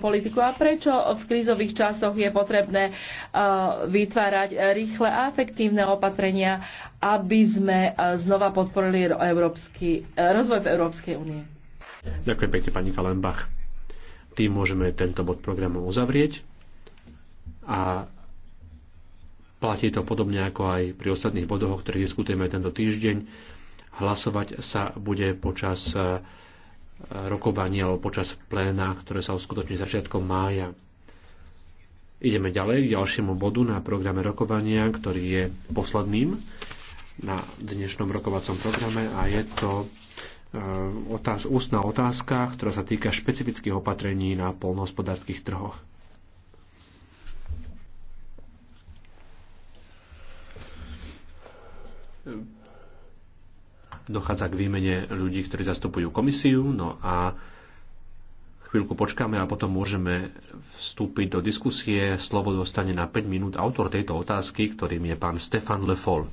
politiku a prečo v krízových časoch je potrebné uh, vytvárať rýchle a efektívne opatrenia, aby sme uh, znova podporili európsky, uh, rozvoj v Európskej únie. Ďakujem pekne, pani Kalenbach. Tým môžeme tento bod programu uzavrieť a platí to podobne ako aj pri ostatných bodoch, o ktorých diskutujeme tento týždeň. Hlasovať sa bude počas rokovania alebo počas pléna, ktoré sa uskutoční začiatkom mája. Ideme ďalej k ďalšiemu bodu na programe rokovania, ktorý je posledným na dnešnom rokovacom programe a je to eh, otáz, ústna otázka, ktorá sa týka špecifických opatrení na polnohospodárských trhoch. Hmm dochádza k výmene ľudí, ktorí zastupujú komisiu, no a chvíľku počkáme a potom môžeme vstúpiť do diskusie. Slovo dostane na 5 minút autor tejto otázky, ktorým je pán Stefan Le Foll.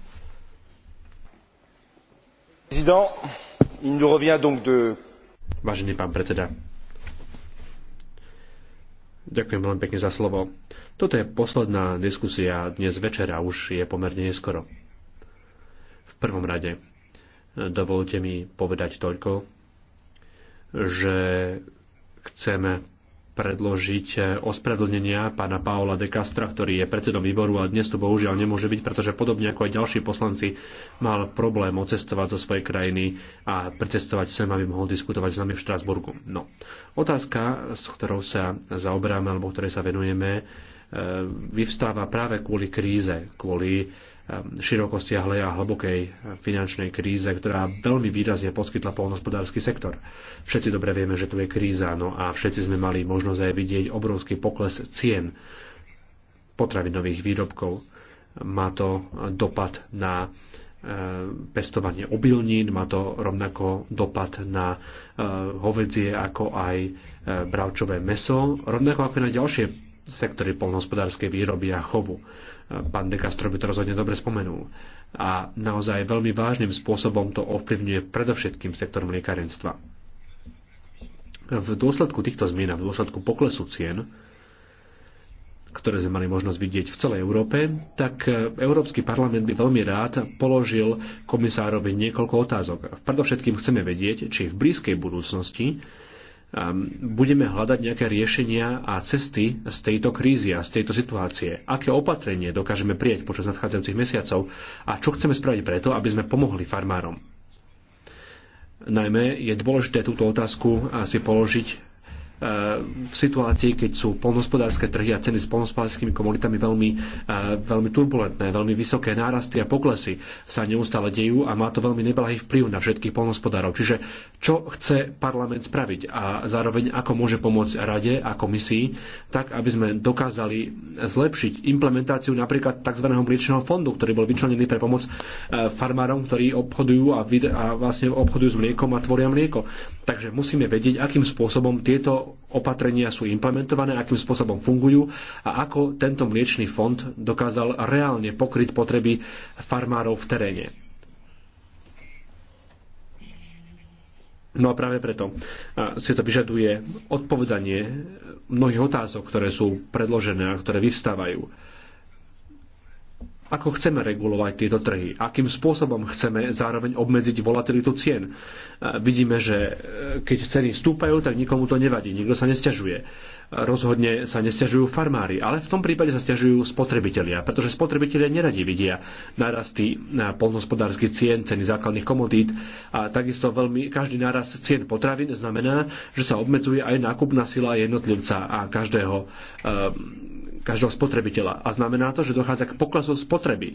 Vážený pán predseda, Ďakujem veľmi pekne za slovo. Toto je posledná diskusia dnes večera, už je pomerne neskoro. V prvom rade Dovolte mi povedať toľko, že chceme predložiť eh, ospravedlnenia pána Paola de Castra, ktorý je predsedom výboru a dnes tu bohužiaľ nemôže byť, pretože podobne ako aj ďalší poslanci mal problém odcestovať zo svojej krajiny a precestovať sem, aby mohol diskutovať s nami v Štrásburgu. No. Otázka, s ktorou sa zaoberáme alebo ktorej sa venujeme, eh, vyvstáva práve kvôli kríze, kvôli Um, širokostiahlej a hlbokej uh, finančnej kríze, ktorá veľmi výrazne poskytla polnospodársky sektor. Všetci dobre vieme, že tu je kríza, no a všetci sme mali možnosť aj vidieť obrovský pokles cien potravinových výrobkov. Má to dopad na uh, pestovanie obilnín, má to rovnako dopad na uh, hovedzie ako aj bravčové meso, rovnako ako na ďalšie sektory polnohospodárskej výroby a chovu. Pán De Castro by to rozhodne dobre spomenul. A naozaj veľmi vážnym spôsobom to ovplyvňuje predovšetkým sektor mliekarenstva. V dôsledku týchto zmien a v dôsledku poklesu cien, ktoré sme mali možnosť vidieť v celej Európe, tak Európsky parlament by veľmi rád položil komisárovi niekoľko otázok. Predovšetkým chceme vedieť, či v blízkej budúcnosti budeme hľadať nejaké riešenia a cesty z tejto krízy a z tejto situácie. Aké opatrenie dokážeme prijať počas nadchádzajúcich mesiacov a čo chceme spraviť preto, aby sme pomohli farmárom. Najmä je dôležité túto otázku si položiť v situácii, keď sú polnospodárske trhy a ceny s polnospodárskymi komoditami veľmi, eh, veľmi turbulentné, veľmi vysoké nárasty a poklesy sa neustále dejú a má to veľmi neblahý vplyv na všetkých polnospodárov. Čiže čo chce parlament spraviť a zároveň ako môže pomôcť rade a komisii, tak aby sme dokázali zlepšiť implementáciu napríklad tzv. mliečného fondu, ktorý bol vyčlenený pre pomoc eh, farmárom, ktorí obchodujú a, vid- a vlastne obchodujú s mliekom a tvoria mlieko. Takže musíme vedieť, akým spôsobom tieto opatrenia sú implementované, akým spôsobom fungujú a ako tento mliečný fond dokázal reálne pokryť potreby farmárov v teréne. No a práve preto si to vyžaduje odpovedanie mnohých otázok, ktoré sú predložené a ktoré vyvstávajú. Ako chceme regulovať tieto trhy? Akým spôsobom chceme zároveň obmedziť volatilitu cien? Vidíme, že e, keď ceny stúpajú, tak nikomu to nevadí, nikto sa nestiažuje. E, rozhodne sa nestiažujú farmári, ale v tom prípade sa stiažujú spotrebitelia, pretože spotrebitelia neradi vidia narasty na polnospodársky cien, ceny základných komodít a takisto veľmi každý nárast cien potravín znamená, že sa obmedzuje aj nákupná sila jednotlivca a každého, e, každého spotrebiteľa. A znamená to, že dochádza k poklesu spotreby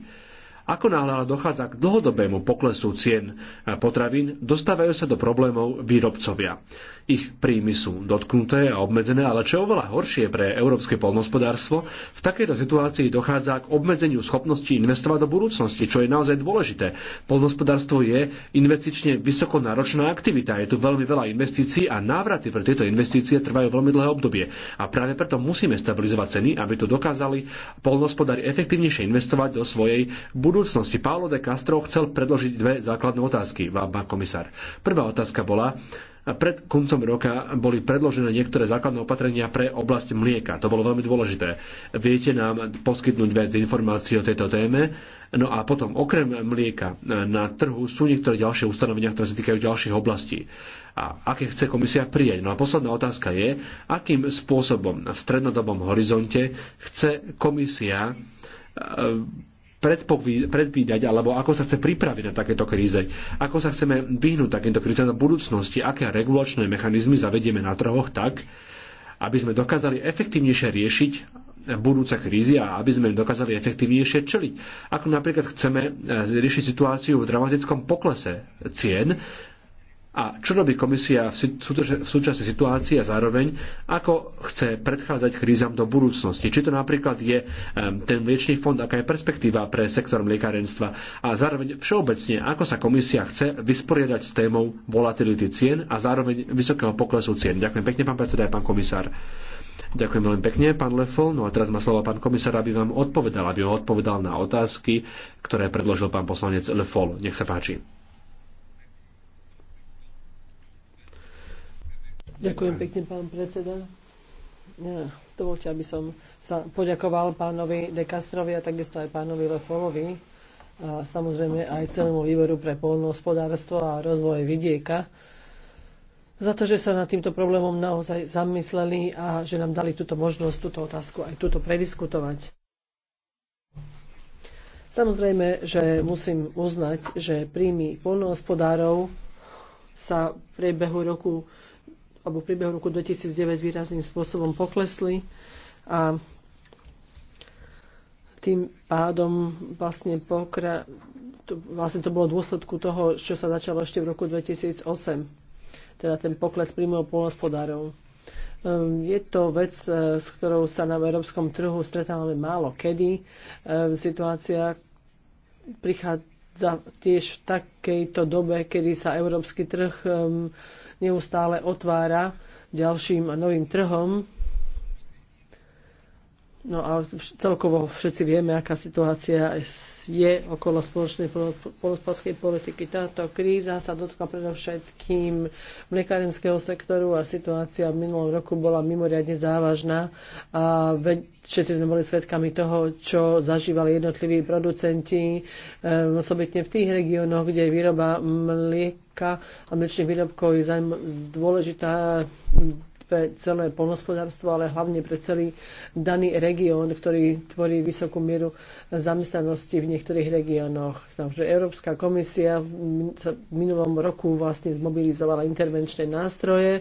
ako náhle ale dochádza k dlhodobému poklesu cien potravín, dostávajú sa do problémov výrobcovia. Ich príjmy sú dotknuté a obmedzené, ale čo je oveľa horšie pre európske polnospodárstvo, v takejto situácii dochádza k obmedzeniu schopnosti investovať do budúcnosti, čo je naozaj dôležité. Polnospodárstvo je investične vysokonáročná aktivita, je tu veľmi veľa investícií a návraty pre tieto investície trvajú veľmi dlhé obdobie. A práve preto musíme stabilizovať ceny, aby to dokázali polnospodári efektívnejšie investovať do svojej budúcnosti budúcnosti. Paolo de Castro chcel predložiť dve základné otázky vám, pán komisár. Prvá otázka bola, pred koncom roka boli predložené niektoré základné opatrenia pre oblasť mlieka. To bolo veľmi dôležité. Viete nám poskytnúť viac informácií o tejto téme? No a potom, okrem mlieka, na trhu sú niektoré ďalšie ustanovenia, ktoré sa týkajú ďalších oblastí. A aké chce komisia prijať? No a posledná otázka je, akým spôsobom v strednodobom horizonte chce komisia predvídať alebo ako sa chce pripraviť na takéto kríze, ako sa chceme vyhnúť takéto kríze na budúcnosti, aké regulačné mechanizmy zavedieme na trhoch tak, aby sme dokázali efektívnejšie riešiť budúce krízy a aby sme dokázali efektívnejšie čeliť. Ako napríklad chceme eh, riešiť situáciu v dramatickom poklese cien, a čo robí komisia v súčasnej situácii a zároveň ako chce predchádzať krízam do budúcnosti. Či to napríklad je ten mliečný fond, aká je perspektíva pre sektor mliekarenstva a zároveň všeobecne, ako sa komisia chce vysporiadať s témou volatility cien a zároveň vysokého poklesu cien. Ďakujem pekne, pán predseda aj pán komisár. Ďakujem veľmi pekne, pán Lefol. No a teraz má slovo pán komisár, aby vám odpovedal, aby vám odpovedal na otázky, ktoré predložil pán poslanec Lefol. Nech sa páči. Ďakujem pekne, pán predseda. Ja, dovolte, aby som sa poďakoval pánovi De Castrovi a takisto aj pánovi Lefolovi a samozrejme aj celému výboru pre polnohospodárstvo a rozvoj vidieka za to, že sa nad týmto problémom naozaj zamysleli a že nám dali túto možnosť, túto otázku aj túto prediskutovať. Samozrejme, že musím uznať, že príjmy polnohospodárov sa v priebehu roku alebo v priebehu roku 2009 výrazným spôsobom poklesli a tým pádom vlastne pokra... to, vlastne to bolo dôsledku toho, čo sa začalo ešte v roku 2008, teda ten pokles príjmov polnospodárov. Ehm, je to vec, e, s ktorou sa na európskom trhu stretávame málo kedy. Ehm, situácia prichádza tiež v takejto dobe, kedy sa európsky trh ehm, neustále otvára ďalším a novým trhom No a celkovo všetci vieme, aká situácia je okolo spoločnej polospodskej politiky. Táto kríza sa dotkla predovšetkým mlekárenského sektoru a situácia v minulom roku bola mimoriadne závažná. A všetci sme boli svedkami toho, čo zažívali jednotliví producenti, ehm, osobitne v tých regiónoch, kde výroba mlieka a mlečných výrobkov je dôležitá pre celé polnospodárstvo, ale hlavne pre celý daný región, ktorý tvorí vysokú mieru zamestnanosti v niektorých regiónoch. Takže Európska komisia v minulom roku vlastne zmobilizovala intervenčné nástroje, e,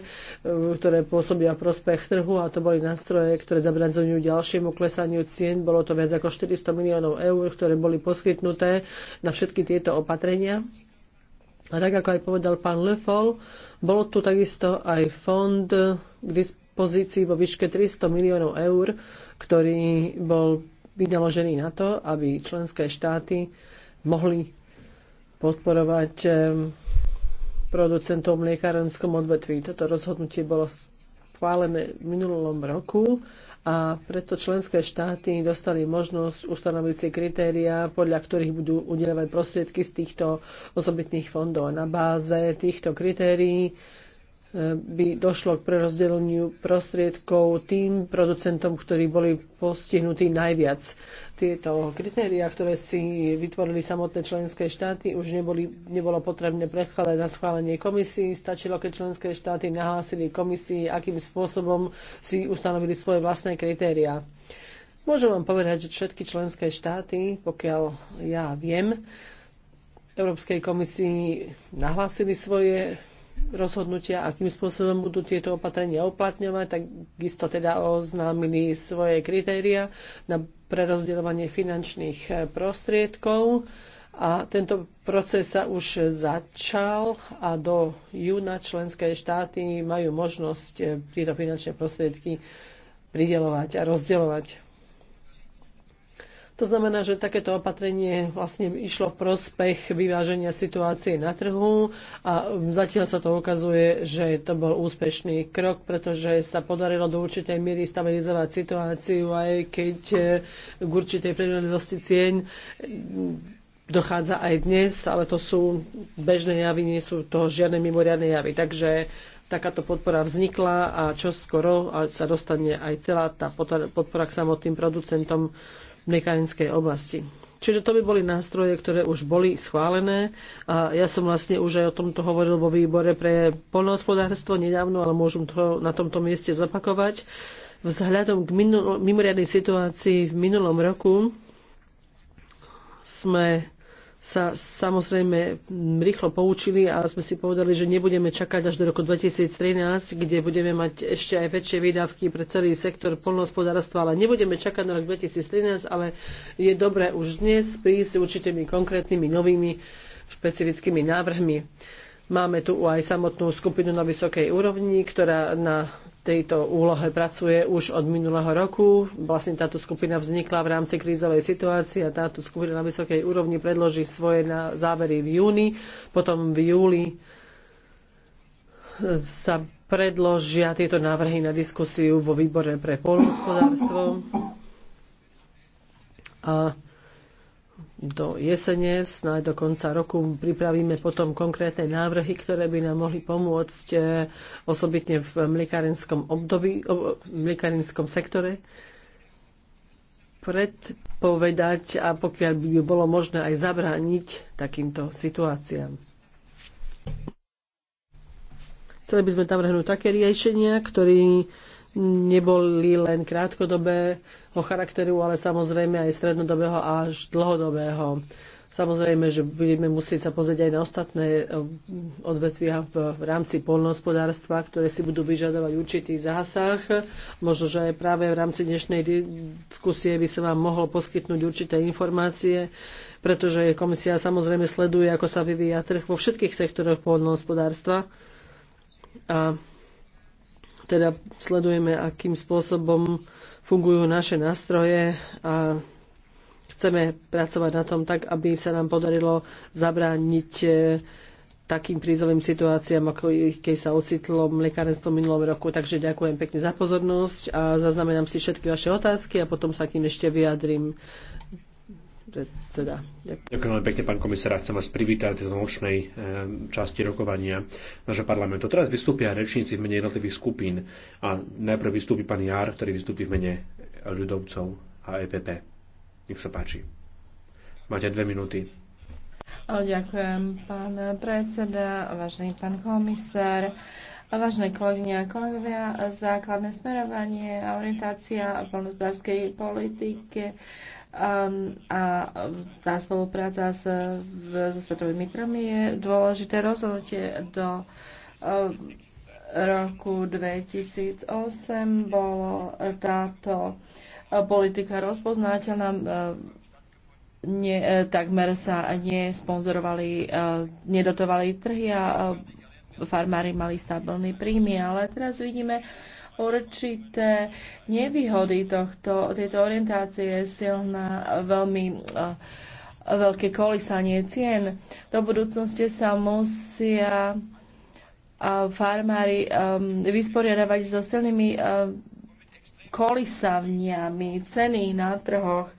ktoré pôsobia prospech trhu a to boli nástroje, ktoré zabranzujú ďalšiemu klesaniu cien. Bolo to viac ako 400 miliónov eur, ktoré boli poskytnuté na všetky tieto opatrenia. A tak, ako aj povedal pán Lefol, bolo tu takisto aj fond k dispozícii vo výške 300 miliónov eur, ktorý bol vynaložený na to, aby členské štáty mohli podporovať eh, producentov v mliekárenskom odvetví. Toto rozhodnutie bolo schválené v minulom roku a preto členské štáty dostali možnosť ustanoviť si kritériá, podľa ktorých budú udelovať prostriedky z týchto osobitných fondov. Na báze týchto kritérií e, by došlo k prerozdeleniu prostriedkov tým producentom, ktorí boli postihnutí najviac tieto kritéria, ktoré si vytvorili samotné členské štáty, už neboli, nebolo potrebné predkladať na schválenie komisii. Stačilo, keď členské štáty nahlásili komisii, akým spôsobom si ustanovili svoje vlastné kritéria. Môžem vám povedať, že všetky členské štáty, pokiaľ ja viem, Európskej komisii nahlásili svoje rozhodnutia, akým spôsobom budú tieto opatrenia uplatňovať, tak isto teda oznámili svoje kritéria na prerozdeľovanie finančných e, prostriedkov. A tento proces sa už začal a do júna členské štáty majú možnosť e, tieto finančné prostriedky pridelovať a rozdeľovať. To znamená, že takéto opatrenie vlastne išlo v prospech vyváženia situácie na trhu a zatiaľ sa to ukazuje, že to bol úspešný krok, pretože sa podarilo do určitej miery stabilizovať situáciu, aj keď e, k určitej premenivosti cieň dochádza aj dnes, ale to sú bežné javy, nie sú to žiadne mimoriadne javy. Takže takáto podpora vznikla a čo skoro sa dostane aj celá tá podpora k samotným producentom mekanickej oblasti. Čiže to by boli nástroje, ktoré už boli schválené a ja som vlastne už aj o tomto hovoril vo výbore pre polnohospodárstvo nedávno, ale môžem to na tomto mieste zopakovať. Vzhľadom k mimoriadnej situácii v minulom roku sme sa samozrejme rýchlo poučili a sme si povedali, že nebudeme čakať až do roku 2013, kde budeme mať ešte aj väčšie výdavky pre celý sektor polnohospodárstva, ale nebudeme čakať na rok 2013, ale je dobré už dnes prísť s určitými konkrétnymi novými špecifickými návrhmi. Máme tu aj samotnú skupinu na vysokej úrovni, ktorá na tejto úlohe pracuje už od minulého roku. Vlastne táto skupina vznikla v rámci krízovej situácie a táto skupina na vysokej úrovni predloží svoje závery v júni. Potom v júli sa predložia tieto návrhy na diskusiu vo výbore pre polnohospodárstvo. A do jesene, snáď do konca roku pripravíme potom konkrétne návrhy, ktoré by nám mohli pomôcť e, osobitne v mlikarinskom období, v mlikarinskom sektore predpovedať a pokiaľ by bolo možné aj zabrániť takýmto situáciám. Chceli by sme navrhnúť také riešenia, ktorý neboli len krátkodobého charakteru, ale samozrejme aj strednodobého až dlhodobého. Samozrejme, že budeme musieť sa pozrieť aj na ostatné eh, odvetvia v rámci polnohospodárstva, ktoré si budú vyžadovať určitý zásah. Možno, že aj práve v rámci dnešnej diskusie by sa vám mohlo poskytnúť určité informácie, pretože komisia samozrejme sleduje, ako sa vyvíja trh vo všetkých sektoroch polnohospodárstva. A teda sledujeme, akým spôsobom fungujú naše nástroje a chceme pracovať na tom tak, aby sa nám podarilo zabrániť e, takým prízovým situáciám, ako keď sa ocitlo mliekárenstvo minulom roku. Takže ďakujem pekne za pozornosť a zaznamenám si všetky vaše otázky a potom sa k ním ešte vyjadrím predseda. Ďakujem. Ďakujem veľmi pekne, pán komisár. Chcem vás privítať v tejto nočnej eh, časti rokovania nášho parlamentu. Teraz vystúpia rečníci v mene jednotlivých skupín. A najprv vystúpi pán Jar, ktorý vystúpi v mene ľudovcov a EPP. Nech sa páči. Máte dve minúty. Ďakujem, pán predseda, vážený pán komisár. Vážne kolegyne a kolegovia, základné smerovanie a orientácia poľnohospodárskej politike Ehm, a tá spolupráca s, so svetovými mitrami je dôležité rozhodnutie do ehm, roku 2008 bolo e, táto e, politika rozpoznateľná. Ehm, nie, e, takmer sa nesponzorovali, nedotovali trhy a farmári mali stabilný príjmy, ale teraz vidíme určité nevýhody tohto, tejto orientácie je silná veľmi eh, veľké kolisanie cien. Do budúcnosti sa musia eh, farmári eh, vysporiadavať so silnými kolisavniami ceny na trhoch,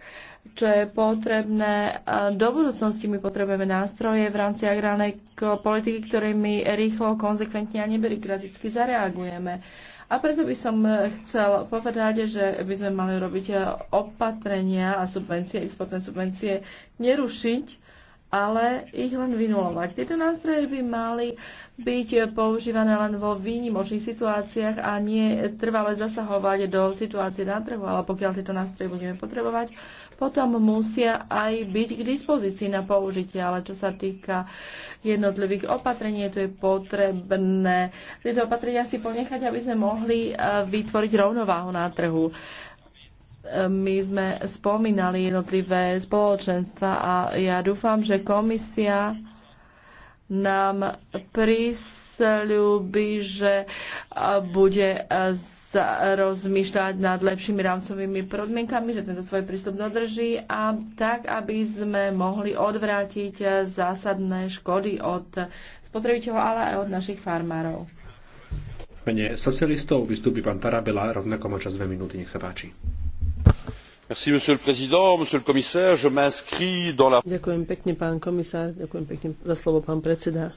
čo je potrebné. Do budúcnosti my potrebujeme nástroje v rámci agrárnej politiky, ktorými rýchlo, konzekventne a nebyrokraticky zareagujeme. A preto by som e, chcel povedať, že by sme mali robiť e, opatrenia a subvencie, exportné subvencie nerušiť, ale ich len vynulovať. Tieto nástroje by mali byť používané len vo výnimočných situáciách a nie trvale zasahovať do situácie na trhu, ale pokiaľ tieto nástroje budeme potrebovať, potom musia aj byť k dispozícii na použitie. Ale čo sa týka jednotlivých opatrení, to je potrebné tieto opatrenia si ponechať, aby sme mohli e, vytvoriť rovnováhu na trhu e, my sme spomínali jednotlivé spoločenstva a ja dúfam, že komisia nám prís sľuby, že bude rozmýšľať nad lepšími rámcovými podmienkami, že tento svoj prístup dodrží a tak, aby sme mohli odvrátiť zásadné škody od spotrebiteľov, ale aj od našich farmárov. V mene socialistov vystúpi pán Tarabela, rovnako má čas dve minúty, nech sa páči. Merci, monsieur le président, monsieur le commissaire, je m'inscris dans la... Ďakujem pekne, pán komisár, ďakujem pekne za slovo, pán predseda.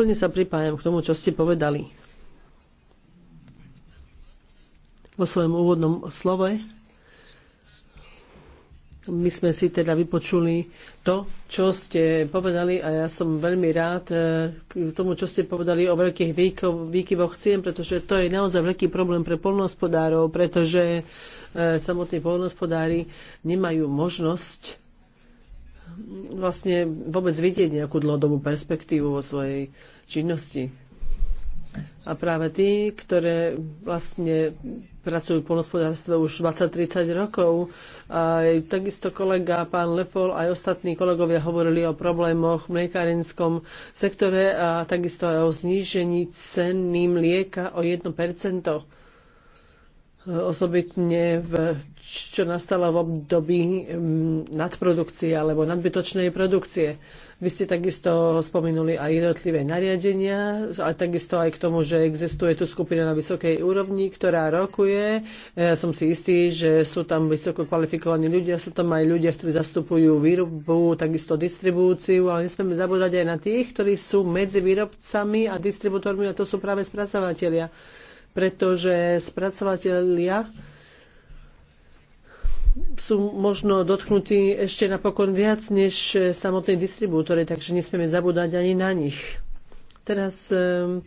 Plne sa pripájam k tomu, čo ste povedali vo svojom úvodnom slove. My sme si teda vypočuli to, čo ste povedali a ja som veľmi rád eh, k tomu, čo ste povedali o veľkých výkyvoch cien, pretože to je naozaj veľký problém pre polnohospodárov, pretože eh, samotní polnohospodári nemajú možnosť vlastne vôbec vidieť nejakú dlhodobú perspektívu vo svojej činnosti. A práve tí, ktoré vlastne pracujú v polnospodárstve už 20-30 rokov, aj takisto kolega pán Lefol, aj ostatní kolegovia hovorili o problémoch v mliekárenskom sektore a takisto aj o znížení ceny mlieka o 1% osobitne v, čo nastalo v období mm, nadprodukcie alebo nadbytočnej produkcie. Vy ste takisto spomenuli aj jednotlivé nariadenia a takisto aj k tomu, že existuje tu skupina na vysokej úrovni, ktorá rokuje. E, ja som si istý, že sú tam vysoko kvalifikovaní ľudia, sú tam aj ľudia, ktorí zastupujú výrobu, takisto distribúciu, ale nesmieme zabúdať aj na tých, ktorí sú medzi výrobcami a distribútormi a to sú práve spracovateľia pretože spracovateľia sú možno dotknutí ešte napokon viac než samotní distribútory, takže nesmieme zabúdať ani na nich. Teraz, ehm,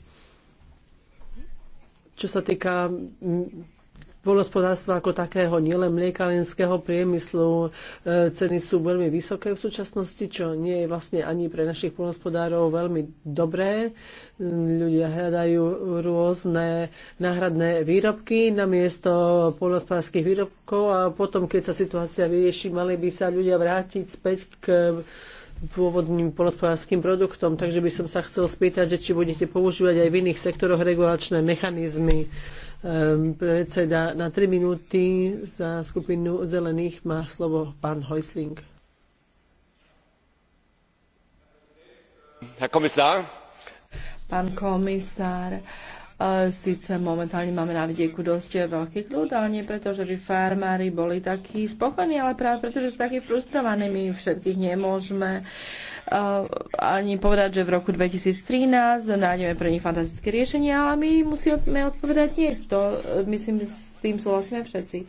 čo sa týka polnospodárstva ako takého, nielen mliekalenského priemyslu. E, ceny sú veľmi vysoké v súčasnosti, čo nie je vlastne ani pre našich polnospodárov veľmi dobré. Ľudia hľadajú rôzne náhradné výrobky namiesto polnospodárských výrobkov a potom, keď sa situácia vyrieši, mali by sa ľudia vrátiť späť k pôvodným polospodárským produktom, takže by som sa chcel spýtať, či budete používať aj v iných sektoroch regulačné mechanizmy Ehm, predseda na 3 minúty za skupinu zelených má slovo pán Heusling. Herr Kommissar. Pán komisár, Sice momentálne máme na vidieku dosť veľký kľud, ale nie preto, že by farmári boli takí spokojní, ale práve preto, že sú takí frustrovaní. My všetkých nemôžeme ani povedať, že v roku 2013 nájdeme pre nich fantastické riešenia, ale my musíme odpovedať nie. To, myslím, s tým súhlasíme všetci.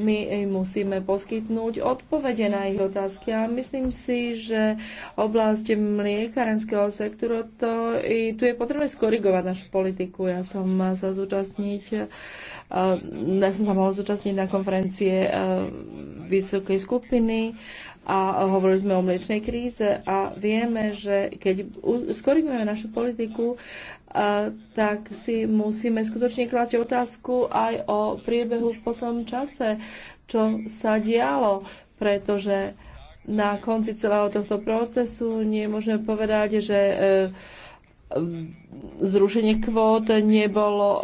My im musíme poskytnúť odpovede na ich otázky a myslím si, že oblasť mliekarenského sektoru, to, i, tu je potrebné skorigovať našu politiku. Ja som sa zúčastniť, e, ja som sa mohla zúčastniť na konferencie e, vysokej skupiny a hovorili sme o mliečnej kríze a vieme, že keď skorigujeme našu politiku, tak si musíme skutočne klásť otázku aj o priebehu v poslednom čase, čo sa dialo, pretože na konci celého tohto procesu nemôžeme povedať, že e, zrušenie kvót nebolo e,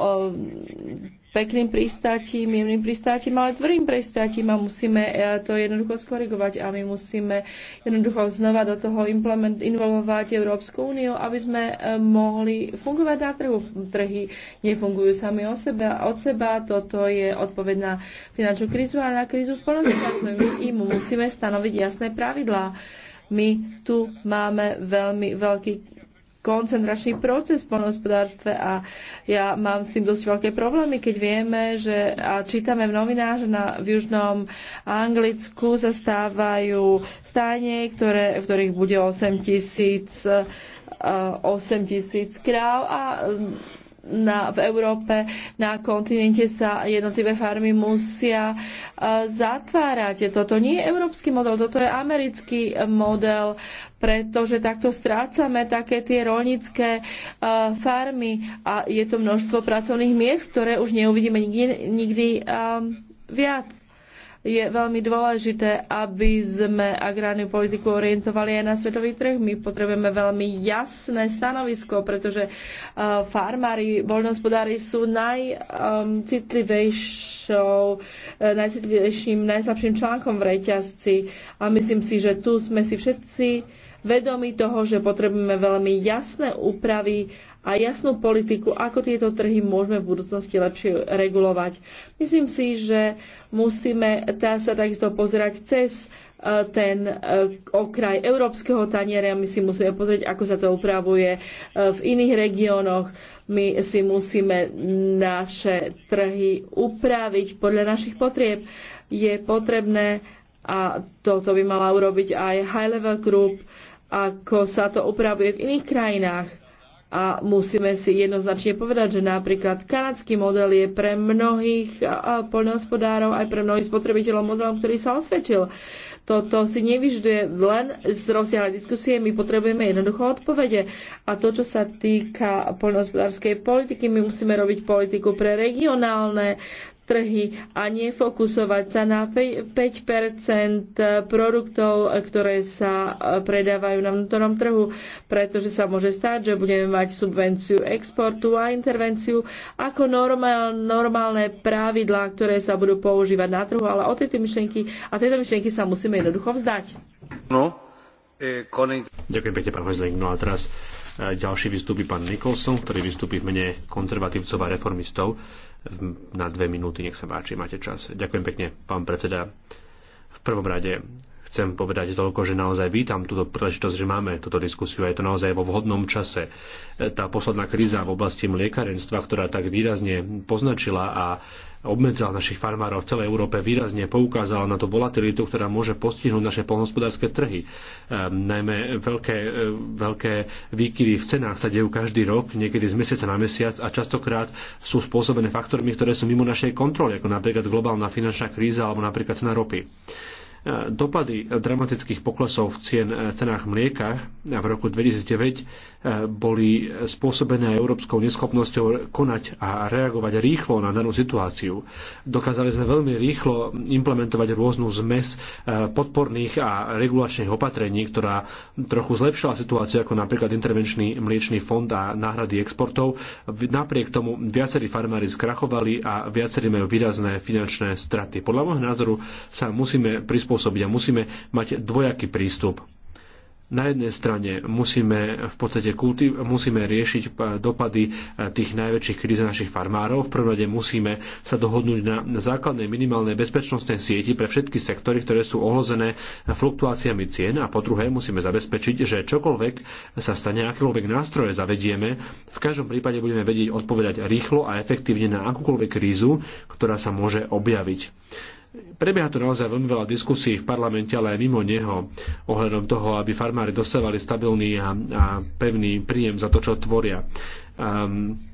pekným pristátím, jemným pristátím, ale tvrdým pristátím a musíme e, to jednoducho skorigovať a my musíme jednoducho znova do toho implement, involvovať Európsku úniu, aby sme e, mohli fungovať na trhu. Trhy nefungujú sami o sebe, od seba, toto je odpoveď na finančnú krízu a na krízu v polnospodárstve. My im musíme stanoviť jasné pravidlá. My tu máme veľmi veľký koncentračný proces v poľnohospodárstve a ja mám s tým dosť veľké problémy, keď vieme, že a čítame v novinách, že na, v južnom Anglicku sa stávajú stáne, ktoré, v ktorých bude 8 tisíc 8 eh, tisíc kráv a na, v Európe, na kontinente sa jednotlivé farmy musia e, zatvárať. Toto nie je európsky model, toto je americký model, pretože takto strácame také tie rolnícke farmy a je to množstvo pracovných miest, ktoré už neuvidíme nikdy, nikdy e, viac je veľmi dôležité, aby sme agrárnu politiku orientovali aj na svetový trh. My potrebujeme veľmi jasné stanovisko, pretože eh, farmári, voľnohospodári sú najcitlivejšou, ehm, eh, najcitlivejším, najslabším článkom v reťazci a myslím si, že tu sme si všetci vedomi toho, že potrebujeme veľmi jasné úpravy a jasnú politiku, ako tieto trhy môžeme v budúcnosti lepšie regulovať. Myslím si, že musíme tá sa takisto pozerať cez e, ten e, okraj európskeho taniera. My si musíme pozrieť, ako sa to upravuje e, v iných regiónoch. My si musíme naše trhy upraviť podľa našich potrieb. Je potrebné, a toto by mala urobiť aj High Level Group, ako sa to upravuje v iných krajinách a musíme si jednoznačne povedať, že napríklad kanadský model je pre mnohých poľnohospodárov aj pre mnohých spotrebiteľov modelom, ktorý sa osvedčil. Toto si nevyžduje len z rozsiahlej diskusie, my potrebujeme jednoducho odpovede. A to, čo sa týka poľnohospodárskej politiky, my musíme robiť politiku pre regionálne trhy a nefokusovať sa na 5 produktov, ktoré sa e, predávajú na vnútornom trhu, pretože sa môže stať, že budeme mať subvenciu exportu a intervenciu ako normál, normálne pravidlá, ktoré sa budú používať na trhu, ale o tejto myšlienky a tejto myšlienky sa musíme jednoducho vzdať. No, e, konec. Ďakujem pekne, pán Hojzling. No a teraz e, ďalší vystupí pán Nicholson, ktorý vystupí v mene konzervatívcov a reformistov na dve minúty. Nech sa páči, máte čas. Ďakujem pekne, pán predseda. V prvom rade Chcem povedať toľko, že naozaj vítam túto príležitosť, že máme túto diskusiu a je to naozaj vo vhodnom čase. Tá posledná kríza v oblasti mliekarenstva, ktorá tak výrazne poznačila a obmedzila našich farmárov v celej Európe, výrazne poukázala na tú volatilitu, ktorá môže postihnúť naše polnospodárske trhy. Ehm, najmä veľké, e, veľké výkyvy v cenách sa dejú každý rok, niekedy z mesiaca na mesiac a častokrát sú spôsobené faktormi, ktoré sú mimo našej kontroly, ako napríklad globálna finančná kríza alebo napríklad cena ropy. Dopady dramatických poklesov v cien, eh, cenách mlieka v roku 2009 eh, boli spôsobené európskou neschopnosťou konať a reagovať rýchlo na danú situáciu. Dokázali sme veľmi rýchlo implementovať rôznu zmes eh, podporných a regulačných opatrení, ktorá trochu zlepšila situáciu, ako napríklad intervenčný mliečný fond a náhrady exportov. Napriek tomu viacerí farmári skrachovali a viacerí majú výrazné finančné straty. Podľa môjho názoru sa musíme prispôsobiť prispôsobiť a musíme mať dvojaký prístup. Na jednej strane musíme v podstate kultiv- musíme riešiť e, dopady e, tých najväčších kríz našich farmárov. V prvom rade musíme sa dohodnúť na základnej minimálnej bezpečnostnej sieti pre všetky sektory, ktoré sú ohlozené fluktuáciami cien. A po druhé musíme zabezpečiť, že čokoľvek sa stane, akékoľvek nástroje zavedieme, v každom prípade budeme vedieť odpovedať rýchlo a efektívne na akúkoľvek krízu, ktorá sa môže objaviť prebieha tu naozaj veľmi veľa diskusí v parlamente, ale aj mimo neho, ohľadom toho, aby farmári dostávali stabilný a, a pevný príjem za to, čo tvoria. Um,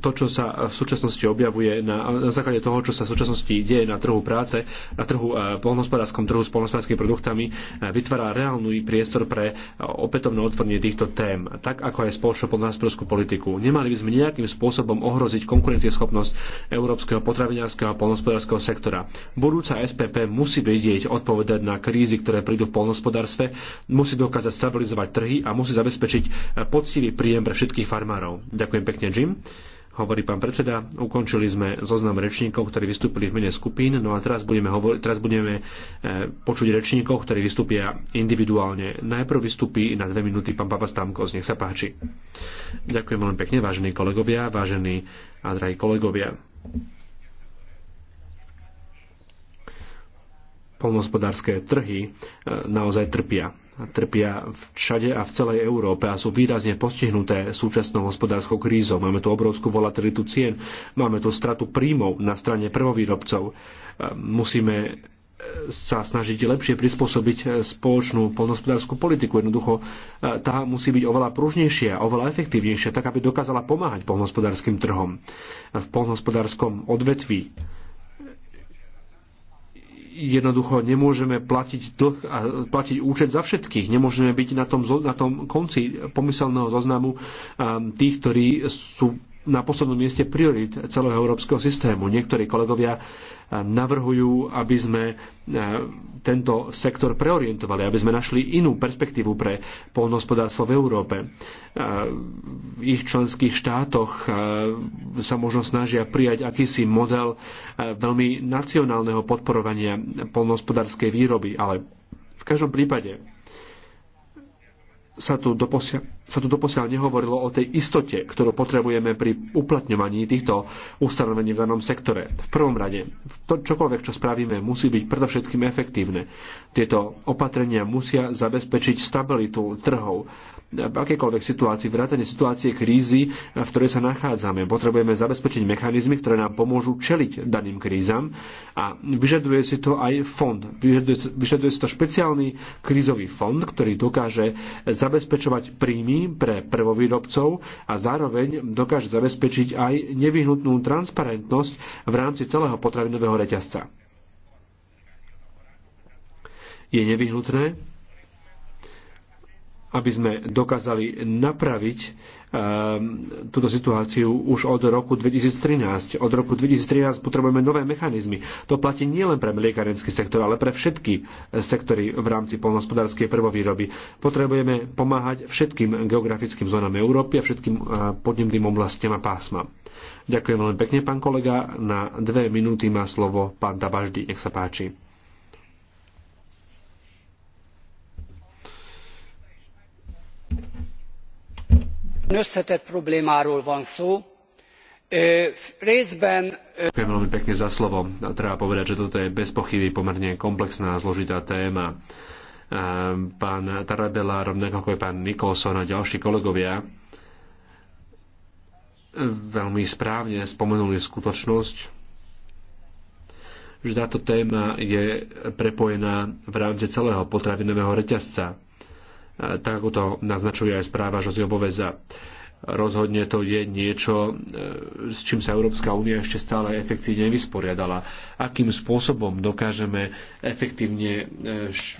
to, čo sa v súčasnosti objavuje na, na základe toho, čo sa v súčasnosti deje na trhu práce, na trhu eh, polnospodárskom trhu s polnospodárskymi produktami, eh, vytvára reálny priestor pre eh, opätovné otvorenie týchto tém, tak ako aj spoločnú polnospodárskú politiku. Nemali by sme nejakým spôsobom ohroziť konkurencieschopnosť európskeho potravinárskeho a polnospodárskeho sektora. Budúca SPP musí vedieť odpovedať na krízy, ktoré prídu v polnospodárstve, musí dokázať stabilizovať trhy a musí zabezpečiť poctivý príjem pre všetkých farmárov. Ďakujem pekne, Jim hovorí pán predseda. Ukončili sme zoznam rečníkov, ktorí vystúpili v mene skupín, no a teraz budeme, hovor- teraz budeme e, počuť rečníkov, ktorí vystúpia individuálne. Najprv vystúpi na dve minúty pán Papa Stamkos, nech sa páči. Ďakujem veľmi pekne, vážení kolegovia, vážení a drahí kolegovia. Polnospodárske trhy e, naozaj trpia trpia všade a v celej Európe a sú výrazne postihnuté súčasnou hospodárskou krízou. Máme tu obrovskú volatilitu cien, máme tu stratu príjmov na strane prvovýrobcov. E, musíme e, sa snažiť lepšie prispôsobiť e, spoločnú polnospodárskú politiku. Jednoducho tá musí byť oveľa pružnejšia, oveľa efektívnejšia, tak aby dokázala pomáhať polnospodárským trhom v polnospodárskom odvetví jednoducho nemôžeme platiť dlh a platiť účet za všetkých. Nemôžeme byť na tom, na tom konci pomyselného zoznamu um, tých, ktorí sú na poslednom mieste priorit celého európskeho systému. Niektorí kolegovia eh, navrhujú, aby sme eh, tento sektor preorientovali, aby sme našli inú perspektívu pre polnohospodárstvo v Európe. Eh, v ich členských štátoch sa možno snažia prijať akýsi model veľmi nacionálneho podporovania polnohospodárskej výroby, ale v každom prípade sa tu doposiaľ sa tu doposiaľ nehovorilo o tej istote, ktorú potrebujeme pri uplatňovaní týchto ustanovení v danom sektore. V prvom rade, to, čokoľvek, čo spravíme, musí byť predovšetkým efektívne. Tieto opatrenia musia zabezpečiť stabilitu trhov v akékoľvek situácii, vrátane situácie krízy, v ktorej sa nachádzame. Potrebujeme zabezpečiť mechanizmy, ktoré nám pomôžu čeliť daným krízam a vyžaduje si to aj fond. Vyžaduje, vyžaduje si to špeciálny krízový fond, ktorý dokáže zabezpečovať príjmy pre prvovýrobcov a zároveň dokáže zabezpečiť aj nevyhnutnú transparentnosť v rámci celého potravinového reťazca. Je nevyhnutné, aby sme dokázali napraviť ehm, túto situáciu už od roku 2013. Od roku 2013 potrebujeme nové mechanizmy. To platí nielen pre mliekarenský sektor, ale pre všetky eh, sektory v rámci polnohospodárskej prvovýroby. Potrebujeme pomáhať všetkým geografickým zónam Európy a všetkým eh, podnebným oblastiam a pásmam. Ďakujem veľmi pekne, pán kolega. Na dve minúty má slovo pán Tabaždy. Nech sa páči. Összetett problémáról van szó. Részben... Ďakujem veľmi pekne za slovo. Treba povedať, že toto je bez pochyby pomerne komplexná a zložitá téma. Ehm, pán Tarabela, rovnako ako aj pán Nikolson a ďalší kolegovia, veľmi správne spomenuli skutočnosť, že táto téma je prepojená v rámci celého potravinového reťazca tak ako to naznačuje aj správa Josieho Boveza. Rozhodne to je niečo, e, s čím sa Európska únia ešte stále efektívne vysporiadala. Akým spôsobom dokážeme efektívne e,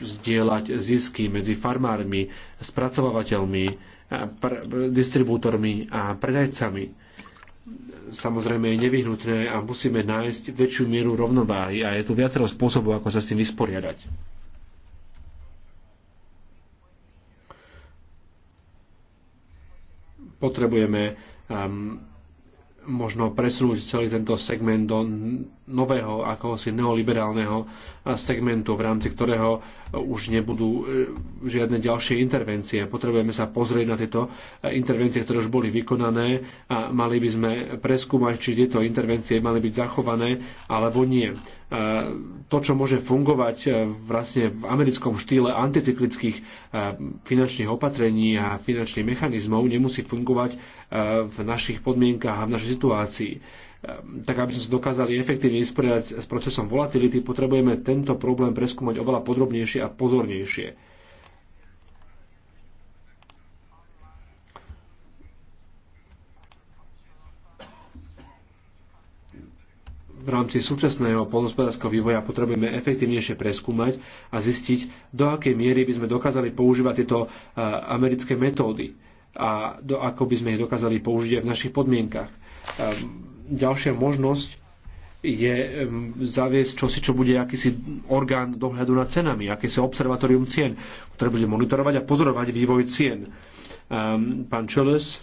zdieľať zisky medzi farmármi, spracovávateľmi, distribútormi a predajcami samozrejme je nevyhnutné a musíme nájsť väčšiu mieru rovnováhy a je tu viacero spôsobov, ako sa s tým vysporiadať. potrebujeme um, možno presunúť celý tento segment do nového, akohosi neoliberálneho segmentu, v rámci ktorého e, už nebudú e, žiadne ďalšie intervencie. Potrebujeme sa pozrieť na tieto e, intervencie, ktoré už boli vykonané a mali by sme preskúmať, či tieto intervencie mali byť zachované alebo nie. To, čo môže fungovať vlastne v americkom štýle anticyklických finančných opatrení a finančných mechanizmov, nemusí fungovať v našich podmienkach a v našej situácii tak aby sme sa dokázali efektívne vysporiadať s procesom volatility, potrebujeme tento problém preskúmať oveľa podrobnejšie a pozornejšie. V rámci súčasného polnospodárskeho vývoja potrebujeme efektívnejšie preskúmať a zistiť, do akej miery by sme dokázali používať tieto eh, americké metódy a do, ako by sme ich dokázali použiť aj v našich podmienkach. Ehm, ďalšia možnosť je ehm, zaviesť čosi, čo bude akýsi orgán dohľadu nad cenami, akési observatórium cien, ktoré bude monitorovať a pozorovať vývoj cien. Ehm, pán Čeles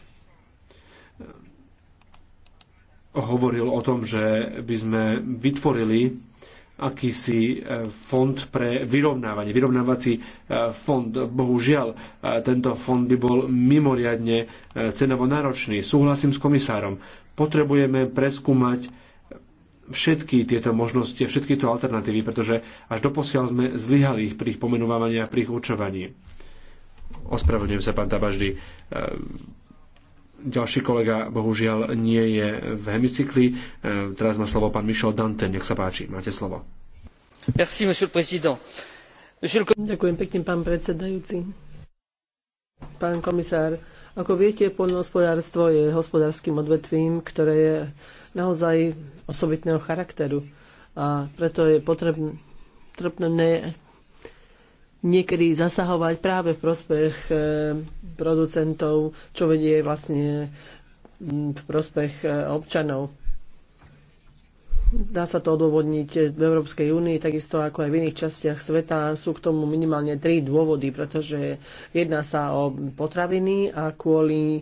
hovoril o tom, že by sme vytvorili akýsi e, fond pre vyrovnávanie, vyrovnávací e, fond. Bohužiaľ, e, tento fond by bol mimoriadne cenovo náročný. Súhlasím s komisárom. Potrebujeme preskúmať všetky tieto možnosti, všetky tieto alternatívy, pretože až doposiaľ sme zlyhali ich pri ich pomenovávaní a pri ich určovaní. Ospravedlňujem sa, pán Tabaždy ďalší kolega bohužiaľ nie je v hemicykli. E, teraz má slovo pán Michel Dante. Nech sa páči, máte slovo. Merci, monsieur le président. Monsieur le... Ďakujem pekne, pán predsedajúci. Pán komisár, ako viete, poľnohospodárstvo je hospodárským odvetvím, ktoré je naozaj osobitného charakteru. A preto je potrebné niekedy zasahovať práve v prospech eh, producentov, čo vedie vlastne mm, v prospech eh, občanov. Dá sa to odôvodniť v Európskej únii, takisto ako aj v iných častiach sveta. Sú k tomu minimálne tri dôvody, pretože jedná sa o potraviny a kvôli e,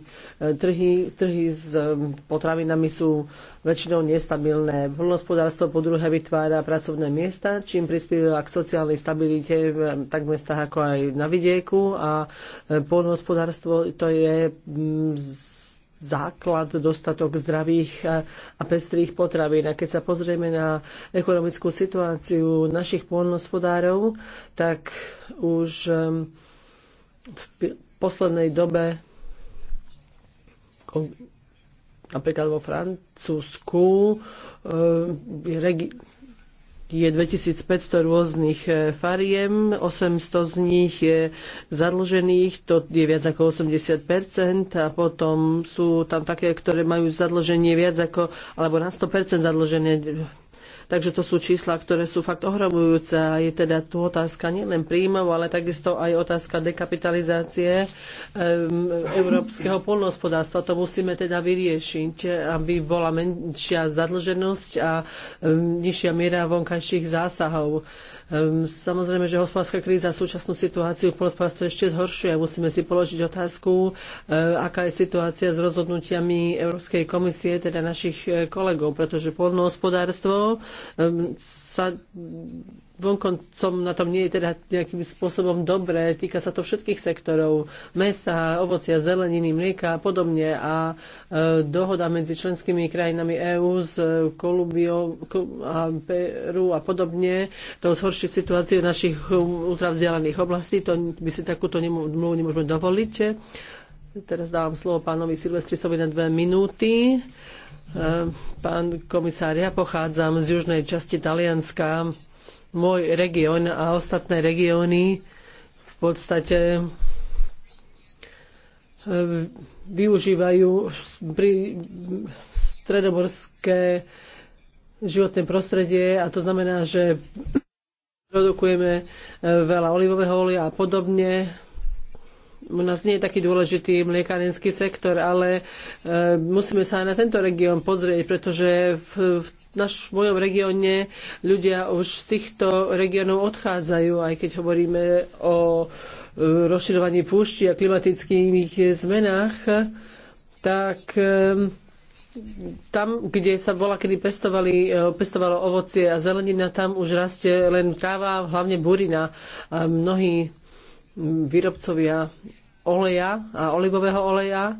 trhy, trhy s e, potravinami sú väčšinou nestabilné. Poľnohospodárstvo po druhé vytvára pracovné miesta, čím prispieva k sociálnej stabilite v tak mestách ako aj na vidieku a e, poľnohospodárstvo to je základ, dostatok zdravých eh, a pestrých potravín. A keď sa pozrieme na ekonomickú situáciu našich pôlnospodárov, tak už eh, v poslednej dobe napríklad vo Francúzsku eh, je 2500 rôznych e, fariem, 800 z nich je zadlžených, to je viac ako 80 a potom sú tam také, ktoré majú zadlženie viac ako, alebo na 100 zadlžené Takže to sú čísla, ktoré sú fakt ohromujúce a je teda tu otázka nielen príjmov, ale takisto aj otázka dekapitalizácie um, európskeho polnohospodárstva. To musíme teda vyriešiť, aby bola menšia zadlženosť a um, nižšia miera vonkajších zásahov. Um, Ehm, samozrejme, že hospodárska kríza súčasnú situáciu v polospodárstve ešte zhoršuje. Musíme si položiť otázku, ehm, aká je situácia s rozhodnutiami Európskej komisie, teda našich e, kolegov, pretože polnohospodárstvo ehm, sa vonkoncom na tom nie je teda nejakým spôsobom dobré. Týka sa to všetkých sektorov, mesa, ovocia, zeleniny, mlieka a podobne. A e, dohoda medzi členskými krajinami EÚ s e, Kolumbiou a Peru a podobne, to zhorší situáciu našich ultravzdialených oblastí. To by si takúto mluvu nemôžeme dovoliť. Teraz dávam slovo pánovi Silvestrisovi na dve minúty. E, pán komisár, ja pochádzam z južnej časti Talianska môj región a ostatné regióny v podstate e, využívajú pri stredomorské životné prostredie a to znamená, že produkujeme e, veľa olivového olia a podobne. U nás nie je taký dôležitý mliekarenský sektor, ale e, musíme sa aj na tento región pozrieť, pretože v naš, v mojom regióne ľudia už z týchto regiónov odchádzajú, aj keď hovoríme o e, rozširovaní púšti a klimatických zmenách, tak e, tam, kde sa bola, kedy pestovali, e, pestovalo ovocie a zelenina, tam už rastie len tráva, hlavne burina. A mnohí výrobcovia oleja a olivového oleja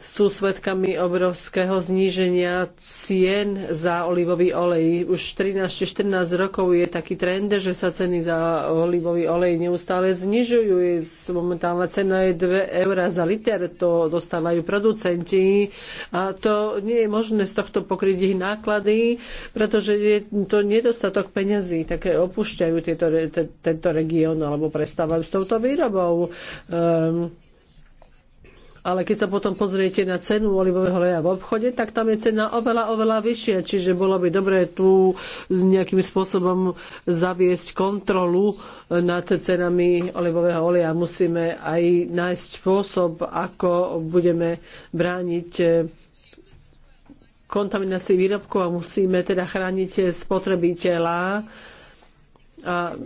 sú svedkami obrovského zníženia cien za olivový olej. Už 13-14 rokov je taký trend, že sa ceny za olivový olej neustále znižujú. Momentálna cena je 2 eur za liter, to dostávajú producenti a to nie je možné z tohto pokryť ich náklady, pretože je to nedostatok peňazí, také opúšťajú tieto, te, tento región alebo prestávajú s touto výrobou. Um, ale keď sa potom pozriete na cenu olivového oleja v obchode, tak tam je cena oveľa, oveľa vyššia, čiže bolo by dobré tu nejakým spôsobom zaviesť kontrolu nad cenami olivového oleja. Musíme aj nájsť spôsob, ako budeme brániť eh, kontaminácii výrobkov a musíme teda chrániť spotrebiteľa a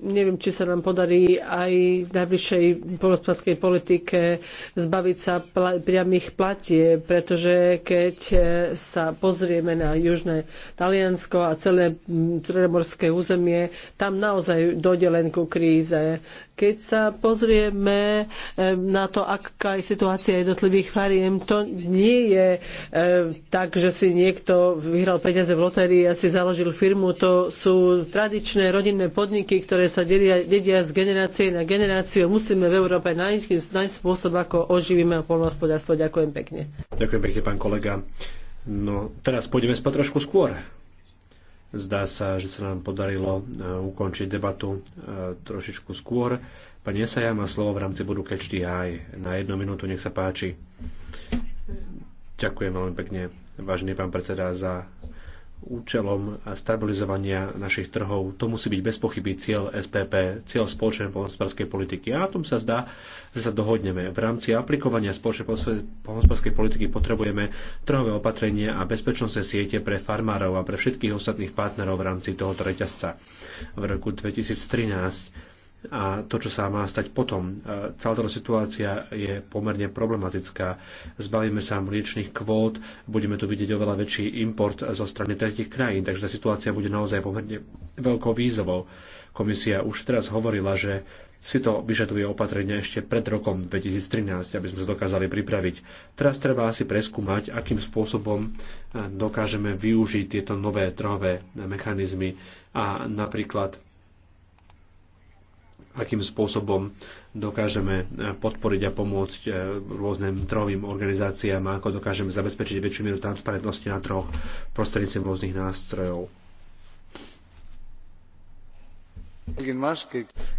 neviem, či sa nám podarí aj v najbližšej polospodskej politike zbaviť sa pl- priamých platie, pretože keď e, sa pozrieme na južné Taliansko a celé stredomorské územie, tam naozaj dojde len ku kríze. Keď sa pozrieme e, na to, aká je situácia jednotlivých fariem, to nie je e, tak, že si niekto vyhral peniaze v lotérii a si založil firmu. To sú tradičné rodiny rodinné podniky, ktoré sa delia, dedia z generácie na generáciu. Musíme v Európe nájsť, nájsť spôsob, ako oživíme poľnohospodárstvo. Ďakujem pekne. Ďakujem pekne, pán kolega. No, teraz pôjdeme spať trošku skôr. Zdá sa, že sa nám podarilo e, ukončiť debatu e, trošičku skôr. Pani Esaja má slovo v rámci bodu Catch the Eye. Na jednu minútu, nech sa páči. Ďakujem veľmi pekne, vážený pán predseda, za účelom stabilizovania našich trhov. To musí byť bez pochyby cieľ SPP, cieľ spoločnej poľnohospodárskej politiky. A na tom sa zdá, že sa dohodneme. V rámci aplikovania spoločnej poľnohospodárskej politiky potrebujeme trhové opatrenia a bezpečnostné siete pre farmárov a pre všetkých ostatných partnerov v rámci tohoto reťazca. V roku 2013 a to, čo sa má stať potom. Celá táto situácia je pomerne problematická. Zbavíme sa mliečných kvót, budeme tu vidieť oveľa väčší import zo strany tretich krajín, takže tá situácia bude naozaj pomerne veľkou výzovou. Komisia už teraz hovorila, že si to vyžaduje opatrenia ešte pred rokom 2013, aby sme sa dokázali pripraviť. Teraz treba asi preskúmať, akým spôsobom e, dokážeme využiť tieto nové trhové mechanizmy a napríklad akým spôsobom dokážeme podporiť a pomôcť eh, rôznym trhovým organizáciám a ako dokážeme zabezpečiť väčšiu mieru transparentnosti na troch prostredníctvom rôznych nástrojov.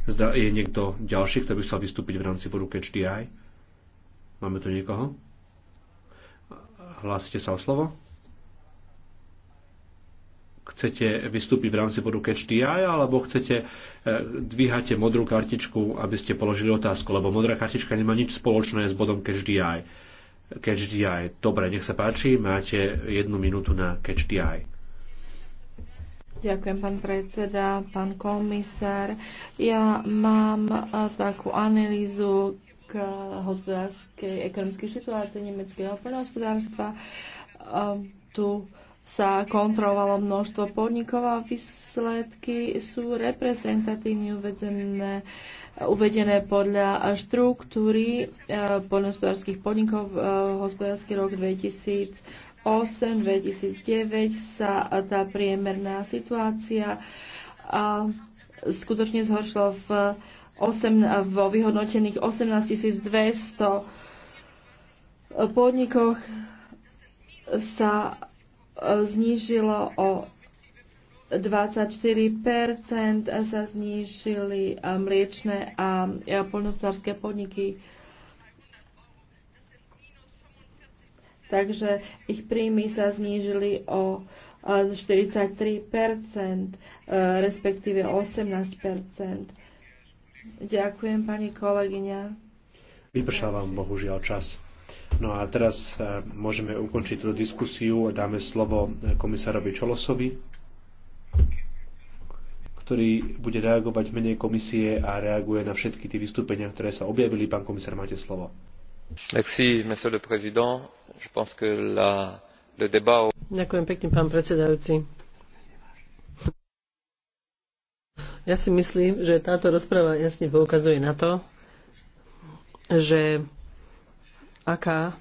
Zda je niekto ďalší, kto by chcel vystúpiť v rámci bodu HDI? Máme tu niekoho? Hlásite sa o slovo? chcete vystúpiť v rámci bodu Catch the Eye, alebo chcete e, dvíhate modrú kartičku, aby ste položili otázku, lebo modrá kartička nemá nič spoločné s bodom Catch the Eye. Catch the Eye. Dobre, nech sa páči, máte jednu minútu na Catch the Eye. Ďakujem, pán predseda, pán komisár. Ja mám e, takú analýzu k hospodárskej, ekonomickej situácii nemeckého poľnohospodárstva. E, tu sa kontrolovalo množstvo podnikov a výsledky sú reprezentatívne uvedené, uvedené podľa štruktúry e, poľnohospodárských podnikov v e, hospodársky rok 2008 2009 sa tá priemerná situácia skutočne zhoršila v 8, vo vyhodnotených 18 200 podnikoch sa znížilo o 24 sa znížili mliečne a poľnohospodárske podniky. Takže ich príjmy sa znížili o 43 respektíve 18 Ďakujem, pani kolegyňa. Vypršal vám bohužiaľ čas. No a teraz eh, môžeme ukončiť túto diskusiu a dáme slovo eh, komisárovi Čolosovi, ktorý bude reagovať v menej komisie a reaguje na všetky tie vystúpenia, ktoré sa objavili. Pán komisár, máte slovo. Merci, monsieur le président. Je pense que la, le débat... Ďakujem pekne, pán predsedajúci. Ja si myslím, že táto rozpráva jasne poukazuje na to, že aká,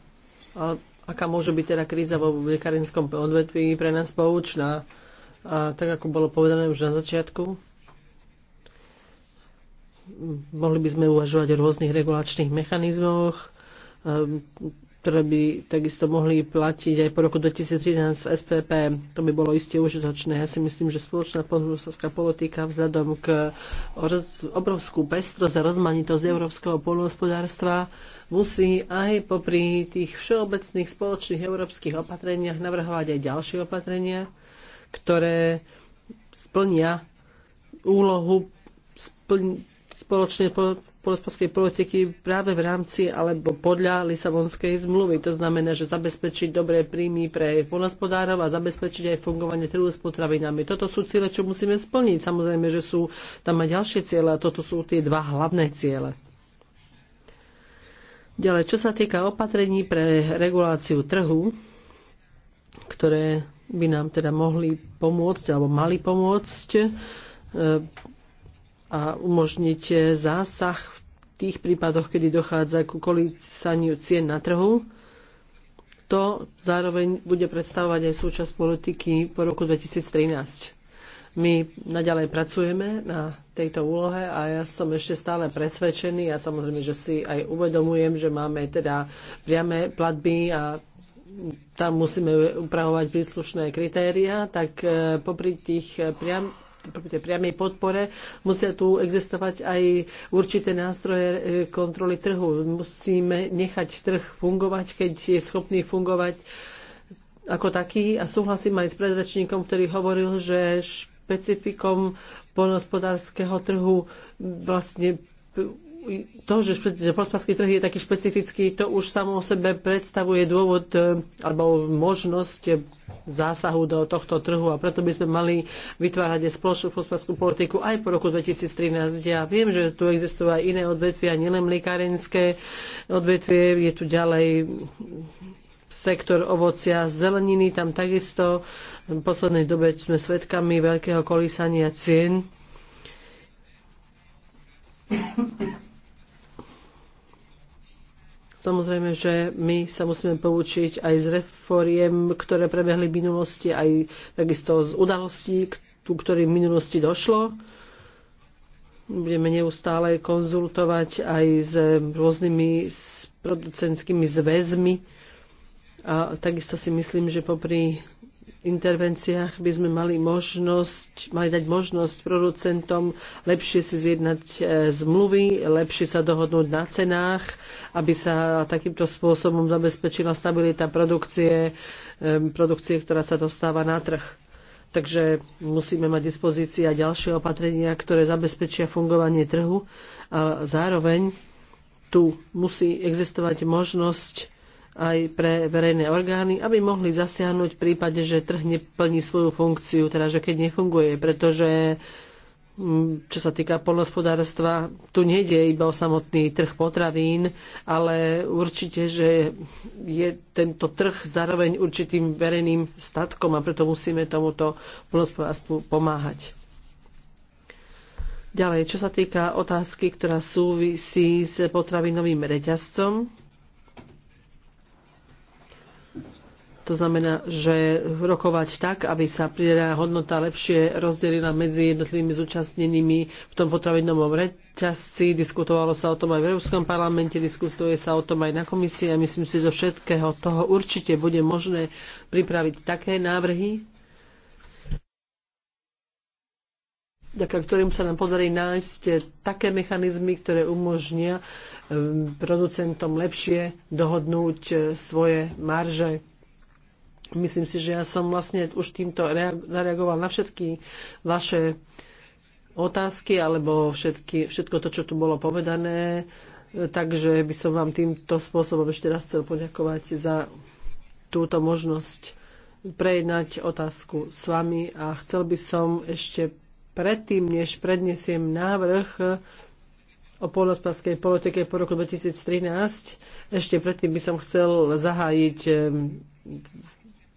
aká môže byť teda kríza vo lekárenskom odvetví pre nás poučná. A tak ako bolo povedané už na začiatku, mohli by sme uvažovať o rôznych regulačných mechanizmoch, ktoré by takisto mohli platiť aj po roku 2013 v SPP. To by bolo iste užitočné. Ja si myslím, že spoločná polnohospodárska politika vzhľadom k obrovskú pestrosť a rozmanitosť európskeho polnohospodárstva musí aj popri tých všeobecných spoločných európskych opatreniach navrhovať aj ďalšie opatrenia, ktoré splnia úlohu splň, spoločnej polnospodárskej politiky práve v rámci alebo podľa Lisabonskej zmluvy. To znamená, že zabezpečiť dobré príjmy pre polnospodárov a zabezpečiť aj fungovanie trhu s potravinami. Toto sú ciele, čo musíme splniť. Samozrejme, že sú tam aj ďalšie ciele a toto sú tie dva hlavné ciele. Ďalej, čo sa týka opatrení pre reguláciu trhu, ktoré by nám teda mohli pomôcť alebo mali pomôcť a umožniť eh, zásah v tých prípadoch, kedy dochádza ku kolísaniu cien na trhu. To zároveň bude predstavovať aj súčasť politiky po roku 2013. My naďalej pracujeme na tejto úlohe a ja som ešte stále presvedčený a samozrejme, že si aj uvedomujem, že máme teda priame platby a tam musíme upravovať príslušné kritéria, tak eh, popri tých priam, tej priamej podpore, musia tu existovať aj určité nástroje e, kontroly trhu. Musíme nechať trh fungovať, keď je schopný fungovať ako taký. A súhlasím aj s predrečníkom, ktorý hovoril, že špecifikom polnospodárskeho trhu vlastne to, že, že podpaský trh je taký špecifický, to už samo o sebe predstavuje dôvod e, alebo možnosť zásahu do tohto trhu a preto by sme mali vytvárať spoločnú podpaskú politiku aj po roku 2013. Ja viem, že tu existujú aj iné odvetvia, nielen mlikárenské odvetvie, je tu ďalej sektor ovocia, zeleniny, tam takisto v poslednej dobe sme svedkami veľkého kolísania cien. Samozrejme, že my sa musíme poučiť aj z reforiem, ktoré prebehli v minulosti, aj takisto z udalostí, ku ktorým v minulosti došlo. Budeme neustále konzultovať aj s rôznymi producentskými zväzmi. A takisto si myslím, že popri intervenciách by sme mali možnosť, mali dať možnosť producentom lepšie si zjednať e, zmluvy, lepšie sa dohodnúť na cenách, aby sa takýmto spôsobom zabezpečila stabilita produkcie, e, produkcie, ktorá sa dostáva na trh. Takže musíme mať dispozícii ďalšie opatrenia, ktoré zabezpečia fungovanie trhu a zároveň tu musí existovať možnosť aj pre verejné orgány, aby mohli zasiahnuť v prípade, že trh neplní svoju funkciu, teda že keď nefunguje, pretože mm, čo sa týka polnospodárstva, tu nejde iba o samotný trh potravín, ale určite, že je tento trh zároveň určitým verejným statkom a preto musíme tomuto polnospodárstvu pomáhať. Ďalej, čo sa týka otázky, ktorá súvisí s potravinovým reťazcom, To znamená, že rokovať tak, aby sa pridaná hodnota lepšie rozdelila medzi jednotlivými zúčastnenými v tom potravinom reťazci. Diskutovalo sa o tom aj v Európskom parlamente, diskutuje sa o tom aj na komisii a myslím si, že zo všetkého toho určite bude možné pripraviť také návrhy, vďaka ktorým sa nám podarí nájsť také mechanizmy, ktoré umožnia ehm, producentom lepšie dohodnúť e, svoje marže. Myslím si, že ja som vlastne už týmto zareagoval na všetky vaše otázky alebo všetky, všetko to, čo tu bolo povedané. Takže by som vám týmto spôsobom ešte raz chcel poďakovať za túto možnosť prejednať otázku s vami a chcel by som ešte predtým, než prednesiem návrh o polnospodárskej politike po roku 2013, ešte predtým by som chcel zahájiť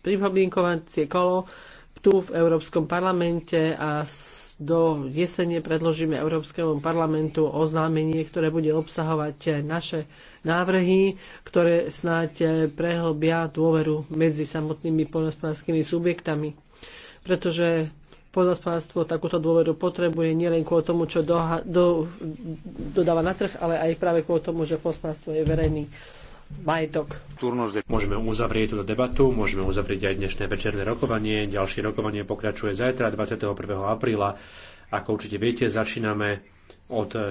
pripomienkovacie kolo tu v Európskom parlamente a do jesene predložíme Európskemu parlamentu oznámenie, ktoré bude obsahovať naše návrhy, ktoré snáď prehlbia dôveru medzi samotnými poľnospodárskymi subjektami. Pretože poľnospodárstvo takúto dôveru potrebuje nielen kvôli tomu, čo doha, do, dodáva na trh, ale aj práve kvôli tomu, že poľnospodárstvo je verejný majetok. Môžeme uzavrieť túto debatu, môžeme uzavrieť aj dnešné večerné rokovanie. Ďalšie rokovanie pokračuje zajtra 21. apríla. Ako určite viete, začíname od